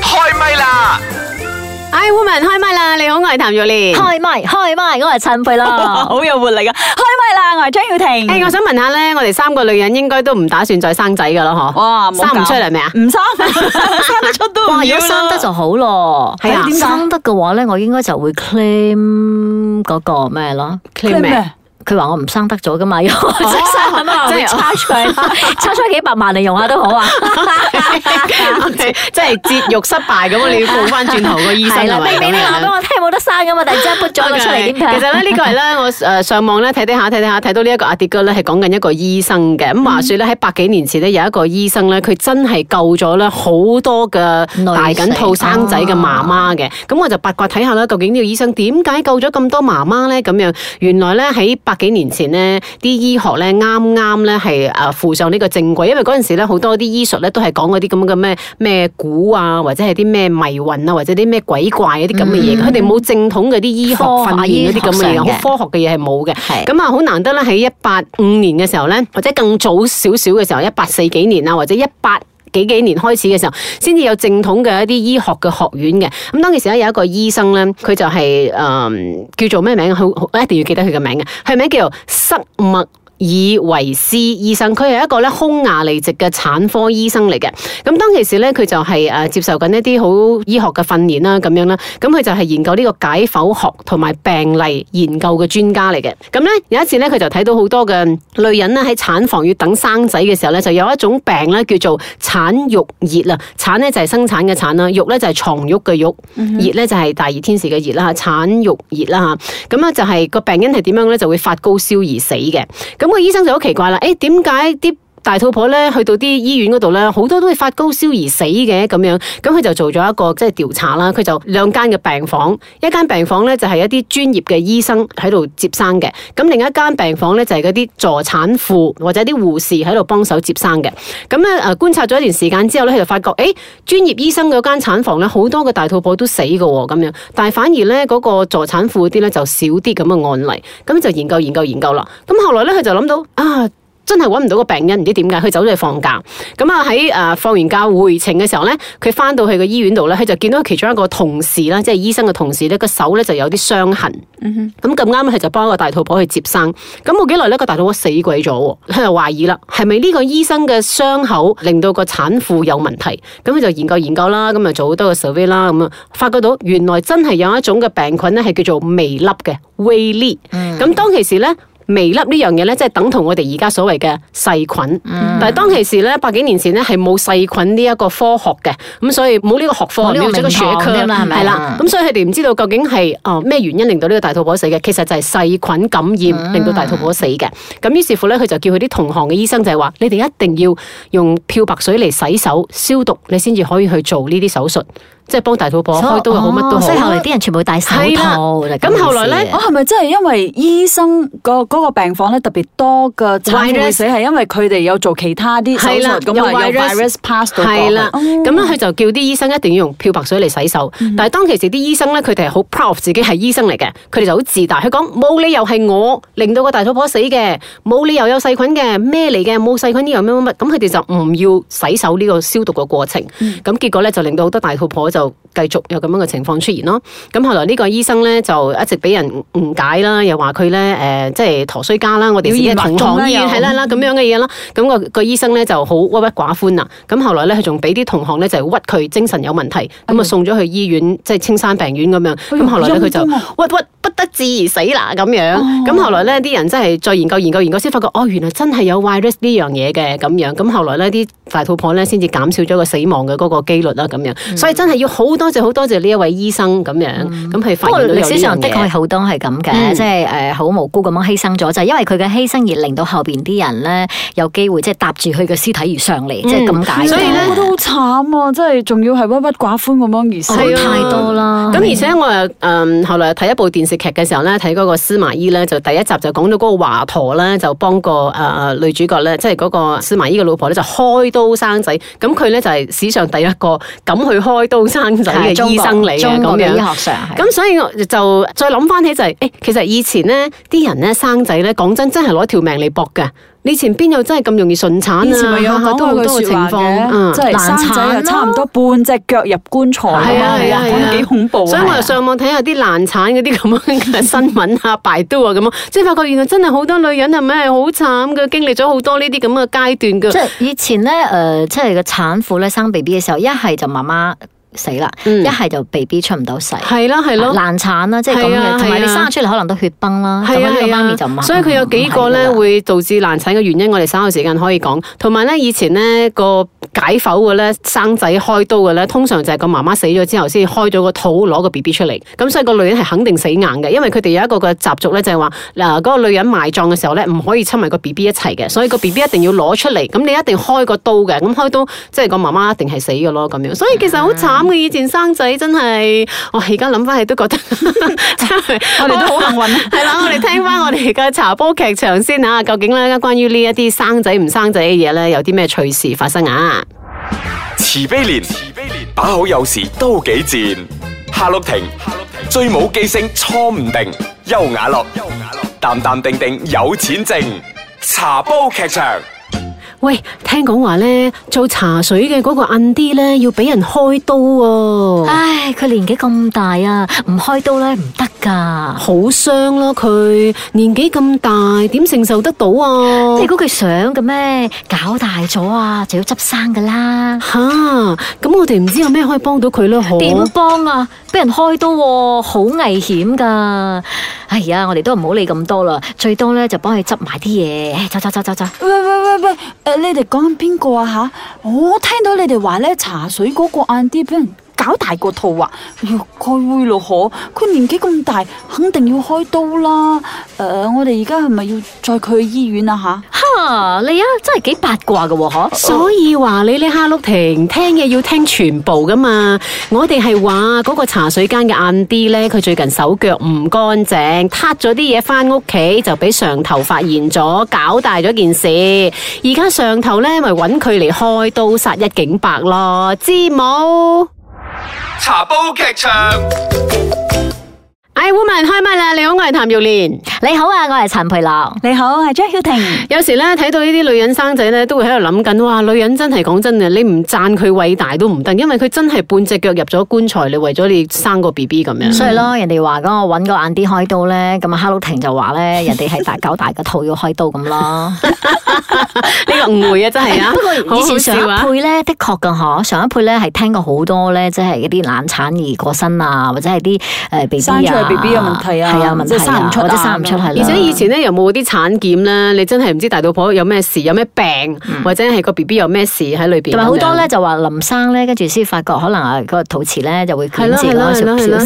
開嘜啦！I，woman 開嘜啦！你好，我係譚玉蓮。開嘜，開嘜，我係陳佩樂，好有活力噶。開嘜啦，我係張耀庭。誒，我想問下咧，我哋三個女人應該都唔打算再生仔噶咯？嗬。哇，生唔出嚟咩啊？唔生，生得出都唔要咯。哇，如果生得就好咯。係啊，生得嘅話咧，我應該就會 claim 嗰個咩咯？claim 咩？佢話我唔生得咗噶嘛，生有，有、哦、 即係差出，差出幾百萬嚟用下都好啊，即係節育失敗咁，你要倒翻轉頭，個醫生係你話俾我聽冇得生噶嘛，突然之間，但係真撥咗出嚟點？其實咧呢個係咧，我上網睇睇下，睇睇下睇到呢一個阿迪哥咧係講緊一個醫生嘅，咁話説咧喺百幾年前咧有一個醫生咧佢真係救咗咧好多嘅大緊肚生仔嘅媽媽嘅，咁、哦、我就八卦睇下啦，究竟呢個醫生點解救咗咁多媽媽咧？咁樣原來咧喺幾年前咧，啲醫學咧啱啱咧係啊附上呢個正軌，因為嗰陣時咧好多啲醫術咧都係講嗰啲咁嘅咩咩蠱啊，或者係啲咩迷魂啊，或者啲咩鬼怪嗰啲咁嘅嘢，佢哋冇正統嘅啲醫學發現嗰啲咁嘅嘢，好科學嘅嘢係冇嘅。咁啊，好是難得咧喺一八五年嘅時候咧，或者更早少少嘅時候，一八四幾年啊，或者一八。幾幾年開始嘅時候，先至有正統嘅一啲醫學嘅學院嘅。咁當時呢，有一個醫生咧，佢就係、是呃、叫做咩名字？我一定要記得佢嘅名啊！佢名字叫塞默。以維斯醫生，佢係一個咧匈牙利籍嘅產科醫生嚟嘅。咁當其時咧，佢就係誒接受緊一啲好醫學嘅訓練啦，咁樣啦。咁佢就係研究呢個解剖學同埋病例研究嘅專家嚟嘅。咁咧有一次咧，佢就睇到好多嘅女人咧喺產房要等生仔嘅時候咧，就有一種病咧叫做產褥熱啊。產咧就係生產嘅產啦，肉咧就係床褥嘅褥，嗯、哼熱咧就係大熱天時嘅熱啦。吓，產褥熱啦吓，咁啊就係個病因係點樣咧？就會發高燒而死嘅。咁個醫生就好奇怪啦，誒，點解啲大肚婆咧去到啲醫院嗰度咧，好多都會發高燒而死嘅咁樣。咁佢就做咗一個即係調查啦。佢就兩間嘅病房，一間病房咧就係、是、一啲專業嘅醫生喺度接生嘅，咁另一間病房咧就係嗰啲助產婦或者啲護士喺度幫手接生嘅。咁咧誒觀察咗一段時間之後咧，佢就發覺誒專業醫生嗰間產房咧好多個大肚婆都死嘅喎，咁樣。但係反而咧嗰、那個助產婦啲咧就少啲咁嘅案例。咁就研究研究研究啦。咁後來咧佢就諗到啊。啊啊真係揾唔到個病因，唔知點解佢走咗去放假。咁啊喺誒放完假回程嘅時候咧，佢翻到去個醫院度咧，佢就見到其中一個同事啦，即係醫生嘅同事咧，個手咧就有啲傷痕。嗯哼，咁咁啱佢就幫一個大肚婆去接生。咁冇幾耐咧，個大肚婆死鬼咗，佢就懷疑啦，係咪呢個醫生嘅傷口令到個產婦有問題？咁佢就研究研究啦，咁啊做好多個 survey 啦，咁啊發覺到原來真係有一種嘅病菌咧，係叫做微粒嘅微粒。咁、嗯、當其時咧。微粒呢樣嘢咧，即係等同我哋而家所謂嘅細菌。嗯、但係當其時咧，百幾年前咧係冇細菌呢一個科學嘅，咁所以冇呢個學科。呢我明白。咁、嗯嗯嗯、所以佢哋唔知道究竟係啊咩原因令到呢個大肚婆死嘅。其實就係細菌感染令到大肚婆死嘅。咁於、嗯、是乎咧，佢就叫佢啲同行嘅醫生就係話：你哋一定要用漂白水嚟洗手消毒，你先至可以去做呢啲手術。即係幫大肚婆開刀又好，乜都好。所以後來啲人全部帶晒手套。咁、啊、後來咧，我係咪真係因為醫生、嗰個嗰病房咧特別多嘅？why 死係因為佢哋有做其他啲手術，又、啊、virus pass 咗過去。係啦、啊，咁咧佢就叫啲醫生一定要用漂白水嚟洗手。嗯、但係當其時啲醫生咧，佢哋係好 proud 自己係醫生嚟嘅，佢哋就好自大。佢講，冇理由係我令到個大肚婆死嘅，冇理由有細菌嘅，咩嚟嘅冇細菌呢樣乜乜乜，咁佢哋就唔要洗手呢個消毒嘅過程。咁、嗯、結果咧就令到好多大肚婆。就繼續有咁樣嘅情況出現咯。咁後來呢個醫生咧就一直俾人誤解啦，又話佢咧誒，即係陀衰家啦。我哋自己中醫係啦啦咁樣嘅嘢啦。咁個個醫生咧就好鬱鬱寡歡啊。咁後來咧，佢仲俾啲同學咧就屈佢精神有問題。咁啊送咗去醫院，嗯、即係青山病院咁樣。咁、哎、呦後來咧，佢就、嗯、鬱鬱不得志而死啦。咁樣。咁、哦、後來咧，啲人真係再研究研究研究，先發覺哦，原來真係有 virus 呢樣嘢嘅咁樣。咁後來咧，啲大肚婆咧先至減少咗個死亡嘅嗰個機率啦。咁樣。嗯、所以真係要。好多謝好多謝呢一位醫生咁樣，咁佢、嗯、發覺歷史上的確係好多係咁嘅，嗯、即係誒好無辜咁樣犧牲咗，就係、因為佢嘅犧牲而令到後邊啲人咧有機會即係搭住佢嘅屍體而上嚟，嗯、即係咁解，所以咧，都好慘啊！即係仲要係鬱鬱寡歡咁樣而死，哦啊、太多啦。咁而且我誒、嗯啊、後來睇一部電視劇嘅時候咧，睇嗰個司馬懿咧，就第一集就講到嗰個華佗咧，就幫個誒、呃呃呃、女主角咧，即係嗰個司馬懿嘅老婆咧，就開刀生仔。咁佢咧就係史上第一個敢去開刀。生仔嘅醫生嚟嘅，咁樣醫學上，咁所以我就再諗翻起就係，誒，其實以前咧，啲人咧生仔咧，講真，真係攞條命嚟搏嘅。以前邊有真係咁容易順產啊？以前咪有好多好多情況，嗯，即係難產差唔多半隻腳入棺材啊，係啊，係啊，咁幾恐怖。所以我又上網睇下啲難產嗰啲咁樣嘅新聞啊，百度啊，咁啊，即係發覺原來真係好多女人係咪係好慘嘅？經歷咗好多呢啲咁嘅階段嘅。即係以前咧，誒，即係個產婦咧生 B B 嘅時候，一係就媽媽。死啦！一係、嗯、就 B B 出唔到世，係啦係咯難產啦，即係咁樣，同埋你生出嚟可能都血崩啦，咁的的樣，個媽咪就，所以佢有幾個咧會導致難產嘅原因，我哋三個時間可以講。同埋咧，以前咧個解剖嘅咧，生仔開刀嘅咧，通常就係個媽媽死咗之後先開咗個肚攞個 B B 出嚟。咁所以個女人係肯定死硬嘅，因為佢哋有一個個習俗咧就係話嗱，嗰、那個女人埋葬嘅時候咧唔可以親埋個 B B 一齊嘅，所以個 B B 一定要攞出嚟。咁 你一定開個刀嘅，咁開刀即係個媽媽一定係死嘅咯，咁樣。所以其實好慘。 以前生仔真係，我而家諗翻起都覺得、啊， 我哋都好幸運。係啦，我哋聽翻我哋嘅茶煲劇場先啊！究竟咧關於呢一啲生仔唔生仔嘅嘢咧，有啲咩趣事發生啊？慈悲蓮，慈悲蓮，把口有時都幾賤；夏綠庭，夏綠庭，最冇記性，錯唔定；邱雅樂，邱雅樂，淡淡定定有錢剩。茶煲劇場。喂，聽講話咧做茶水嘅嗰個摁啲咧要俾人開刀啊！唉，佢年紀咁大啊，唔開刀咧唔得噶，好傷咯。佢年紀咁大，點承受得到啊？即係估佢想嘅咩，搞大咗啊，就要執生噶啦。吓，咁我哋唔知有咩可以幫到佢咧？點幫啊？俾人開刀，好危險噶。哎呀，我哋都唔好理咁多啦，最多咧就幫佢執埋啲嘢。走走走走走。喂喂喂喂，誒。你哋講邊個啊？吓，我聽到你哋話咧，茶水嗰個晏啲俾人搞大個肚啊！哎呀，佢會咯，可佢年紀咁大，肯定要開刀啦。誒、呃，我哋而家係咪要載佢去醫院啊？吓？啊你啊，真係幾八卦嘅嗬！啊、 所以你你話你呢，哈祿婷聽嘢要聽全部噶嘛。我哋係話嗰個茶水間嘅暗啲呢，佢最近手腳唔乾淨，撻咗啲嘢翻屋企，就俾上頭發現咗，搞大咗件事。而家上頭呢，咪揾佢嚟開刀殺一儆百咯，知冇？茶煲劇場。哎，烏文開麥啦！你好，我係譚玉蓮。你好啊，我係陳培樂。你好，係張曉婷。有時咧睇到呢啲女人生仔咧，都會喺度諗緊哇，女人真係，講真啊，你唔讚佢偉大都唔得，因為佢真係半隻腳入咗棺材，你為咗你生個 B B 咁樣，嗯。所以咯，人哋話咯，搵個晏啲開刀咧，咁啊，哈嘍婷就話咧，人哋係大搞大個肚要開刀咁咯。呢個誤會啊，真係啊，欸，不過好笑，啊，以前上一輩咧的確噶嗬，上一輩咧係聽過好多咧，即係一啲難產而過身啊，或者係啲誒 B B 啊。B B 有問題啊，即係生唔出生唔出，係、啊、而且以前咧又冇啲產檢咧，嗯、你真係唔知大肚婆有咩事，有咩病，或者係個 B B 有咩事喺裏邊。同埋好多咧就話臨生咧，跟住先發覺可能啊個肚臍咧就會缺折，嗯嗯嗯、或小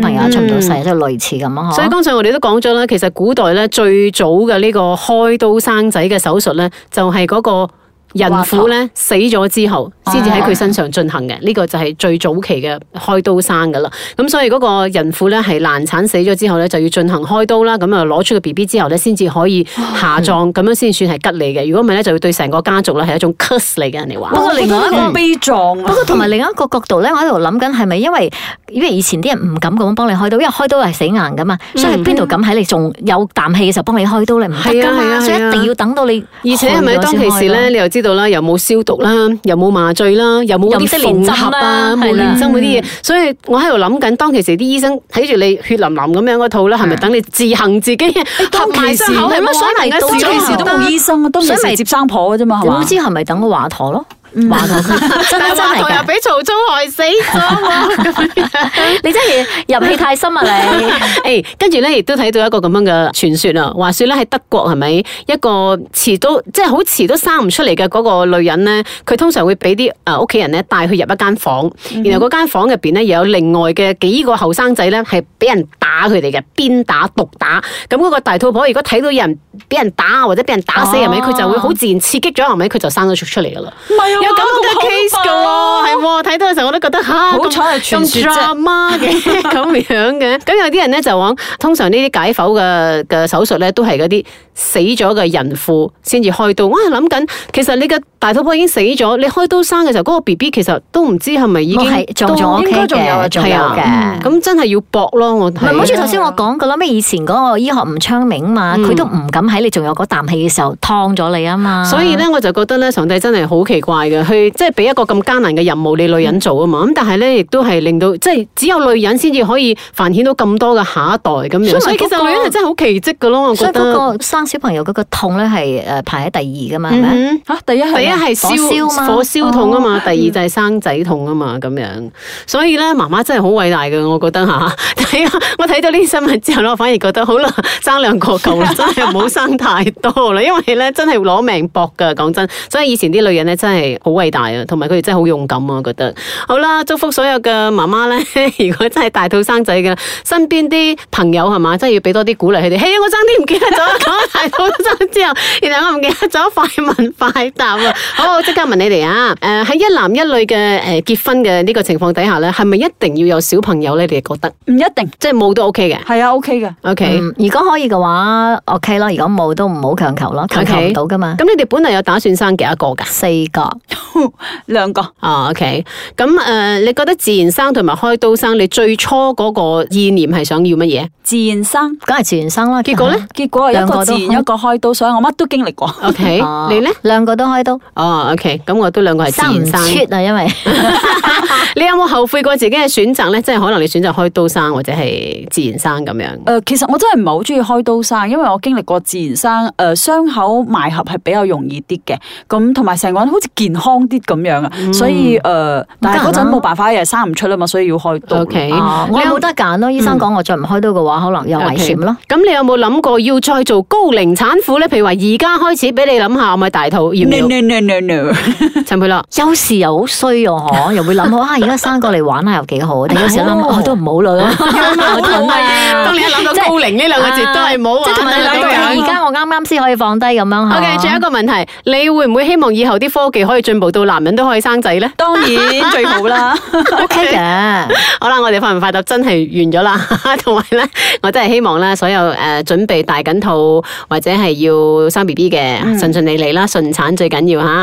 朋友出唔到世，即係類似咁樣。所以剛才我哋都講咗啦，其實古代咧最早嘅呢個開刀生仔嘅手術咧，就係嗰、嗰個孕婦咧、哎、死咗之後、哦，先至喺佢身上進行嘅，呢、這個就係最早期嘅開刀生噶啦。咁所以嗰個孕婦咧係難產死咗之後咧，就要進行開刀啦。咁啊攞出個 B B 之後咧，先至可以下葬，咁、嗯、樣先算係吉利嘅。如果唔係咧，就要對成個家族啦係一種 cursed 嚟嘅人哋話。不過另外一個悲壯啊啊。不過同埋另一個角度咧，我喺度諗緊係咪因為因為以前啲人唔敢咁幫你開刀，因為開刀係死硬噶嘛，hmm, 所以邊度敢喺你仲有啖氣嘅時候幫你開刀你唔得㗎嘛，所以一定要等到你。而且係咪當其時咧，你又知。度啦，又冇消毒啦，又冇麻醉啦，又冇嗰啲縫合啊，冇連針嗰啲嘢，的所以我喺度諗緊，當其時啲醫生睇住你血淋淋咁樣嗰套啦，係咪等你自行自己合埋傷口啊？所以、欸，到其時都冇醫生，都唔使嚟接生婆嘅啫嘛，我唔知係咪等個華佗咯？ 華、嗯、 真係的，華又俾曹操害死咗啊！ 你真係入戲太深啊！你誒，跟住咧亦都睇到一個咁樣嘅傳說啦，話說咧，喺德國係咪一個遲都即係好遲都生唔出嚟嘅嗰個女人咧，佢通常會俾啲誒屋企人咧帶佢入一間、呃、房，然後嗰間房入邊咧又有另外嘅幾個後生仔咧係俾人打佢哋嘅，鞭打毒打，咁、那、嗰個大肚婆如果睇到有人俾人打或者俾人打死係咪，佢、哦、就會好自然刺激咗，係咪佢就生咗出嚟噶啦？ 有咁嘅 case 噶喎，係喎，睇到嘅時候我都覺得嚇，啊、好彩係全絕啫，咁樣嘅，咁 有啲人咧就講，通常呢啲解剖嘅嘅手術咧，都係嗰啲死咗嘅孕婦先至開刀，我係諗緊，其實你嘅大肚婆已經死咗，你開刀生嘅時候，嗰個 B B 其實都唔知係咪已經我係撞咗，應該仲有嘅，係啊，咁真係要搏咯，我唔好似頭先我講過啦，咩以前嗰個醫學唔昌明啊嘛，佢都唔敢喺你仲有嗰啖氣嘅時候燙咗你啊嘛，所以咧我就覺得咧，上帝真係好奇怪嘅，佢即係俾一個咁艱難嘅任務你女人做啊嘛，咁但係咧亦都係令到即係只有女人先至可以繁衍到咁多嘅下一代咁樣，所以其實女人係真係好奇蹟嘅咯，我覺得。生小朋友嗰個痛咧係誒排喺第二噶嘛，係咪？吓、嗯啊，第一係燒，燒火燒痛啊嘛，嘛哦、第二就係生仔痛啊嘛，咁樣。所以咧，媽媽真係好偉大嘅，我覺得吓。睇、啊、下 我睇到呢啲新聞之後咧，我反而覺得好啦，生兩個夠啦，真係唔好生太多啦， 因為咧真係攞命搏噶。講真，所以以前啲女人咧真係好偉大啊，同埋佢哋真係好勇敢啊。我覺得好啦，祝福所有嘅媽媽咧，如果真係大肚生仔嘅，身邊啲朋友係嘛，真係要俾多啲鼓勵佢哋。係、hey, 我爭啲唔記得咗。係好咗之後，原來我唔記得咗快問快答啊！好，即刻問你哋啊！誒、呃，喺一男一女嘅誒、呃、結婚嘅呢個情況底下咧，係咪一定要有小朋友咧？你哋覺得唔一定，即係冇都 OK 嘅。係啊，OK 嘅。OK，, okay?、嗯、如果可以嘅話 OK 咯，如果冇都唔好強求咯，強求唔到噶嘛。咁 Okay? 你哋本來有打算生幾多個噶？四個、兩 個啊、哦。OK，咁誒、呃，你覺得自然生同埋開刀生，你最初嗰個意念係想要乜嘢？自然生，梗係自然生啦。啊、結果咧？結果係一個一個開刀，所以我乜都經歷過。OK，你咧？兩個都開刀。哦，OK，咁我都兩個係自然生。生唔出啊，因為你有冇後悔過自己嘅選擇咧？即係可能你選擇開刀生或者係自然生咁樣？誒，其實我真係唔係好中意開刀生，因為我經歷過自然生，誒傷口埋合係比較容易啲嘅，咁同埋成個人好似健康啲咁樣啊。所以誒，但係嗰陣冇辦法又生唔出啦嘛，所以要開刀。OK，你冇得揀咯。醫生講我再唔開刀嘅話，可能有危險咯。咁你有冇諗過要再做高？零產婦咧，譬如話而家開始俾你諗下，咪大肚要唔要？no no no no no。陳佩樂有時又好衰哦，嗬，又會諗，哇，而家生過嚟玩下又幾好，但係有時諗我都唔好咯，唔好啊！當你一諗到高齡呢兩個字，都係冇。即係同你兩個人，而家我啱啱先可以放低咁樣嚇。OK，最後一個問題，你會唔會希望以後啲科技可以進步到男人都可以生仔咧？當然最好啦，OK 嘅。好啦，我哋快問快答真係完咗啦，同埋咧，我真係希望咧，所有誒準備大緊肚，或者係要生 BB 嘅，順順、嗯、利利啦，順產最緊要嚇。